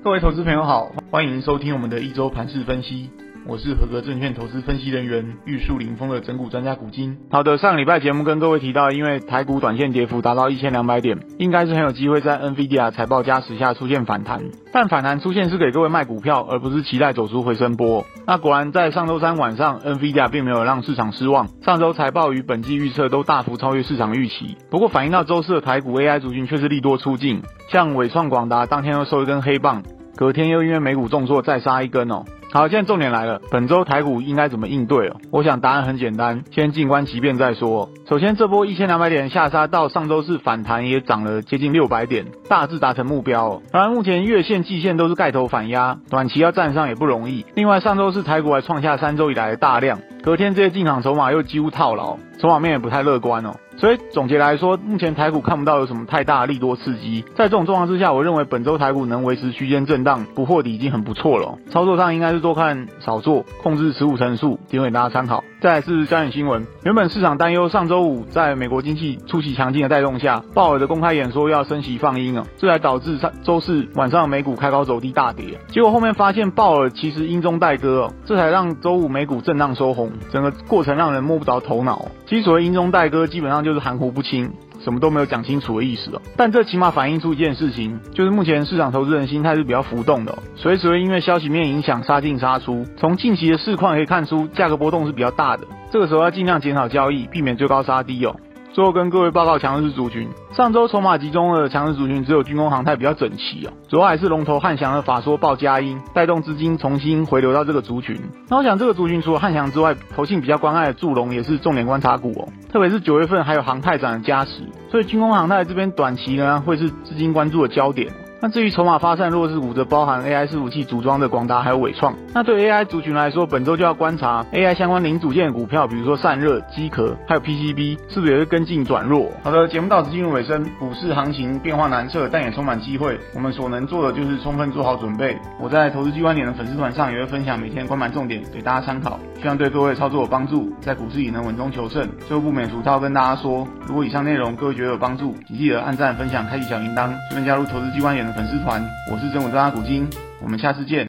各位投資朋友好，歡迎收聽我們的一周盤勢分析。我是合格證券投資分析人員玉樹臨風的拯股專家股晶。好的，上禮拜節目跟各位提到，因為台股短線跌幅達到一千兩百點，應該是很有機會在 Nvidia 財報加持下出現反彈。但反彈出現是給各位賣股票，而不是期待走出回升波。那果然在上周三晚上，Nvidia 並沒有讓市場失望。上季財報與本季預測都大幅超越市場預期。不過反映到周四的台股 AI 族群卻是利多出盡，像緯創、廣達當天又收一根黑棒，隔天又因為美股重挫再殺一根哦。好，現在重點來了，本周台股應該怎麼應對哦？我想答案很簡單，先靜觀其變再說哦。首先，這波一千兩百點的下殺到上周四反彈，也漲了接近六百點，大致達成目標哦。然而，目前月線、季線都是蓋頭反壓，短期要站上也不容易。另外，上周四台股還創下三周以來的大量，隔天這些進場籌碼又幾乎套牢。籌碼面也不太樂觀哦，所以總結來說，目前台股看不到有什麼太大利多刺激。在這種狀況之下，我認為本周台股能維持區間震盪不破底已經很不錯了。操作上應該是多看少做，控制持股成數，提供給大家參考。再來是焦點新聞，原本市場擔憂上周五在美國經濟出奇強勁的帶動下，鮑爾的公開演說要升息放鷹了、哦、這才導致上周四晚上美股開高走低大跌。結果後面發現鮑爾其實鷹中帶鴿哦，這才讓周五美股震盪收紅，整個過程讓人摸不着頭腦、哦。其實所謂鷹中帶鴿，基本上就是含糊不清，什麼都沒有講清楚的意思哦。但這起碼反映出一件事情，就是目前市場投資人心態是比較浮動的、哦，隨時會因為消息面影響殺進殺出。從近期的市況可以看出，價格波動是比較大的，這個時候要盡量減少交易，避免追高殺低哦。最後跟各位報告強勢族群，上周籌碼集中的強勢族群只有軍工航太比較整齊哦，主要還是龍頭漢翔的法說報佳音帶動資金重新回流到這個族群。那我想這個族群除了漢翔之外，投信比較關愛的助龍也是重點觀察股哦，特別是九月份還有航太展的加持，所以軍工航太這邊短期呢會是資金關注的焦點。那至於籌碼發散弱勢股，則包含 AI 伺服器組裝的廣達，還有緯創。那對 AI 族群來說，本周就要觀察 AI 相關零組件的股票，比如說散熱、機殼，還有 PCB，是不是也會跟進轉弱？好的，節目到此進入尾聲。股市行情變化難測，但也充滿機會。我們所能做的就是充分做好準備。我在投資 G 觀點的粉絲團上，也會分享每天的關門重點，給大家參考，希望對各位操作有幫助，在股市也能穩中求勝。最後不免俗套，跟大家說，如果以上內容各位覺得有幫助，請記得按讚、分享、開啟小鈴鐺，順便加入投資 G 觀點，粉絲團，我是真武大阿古金，我們下次見。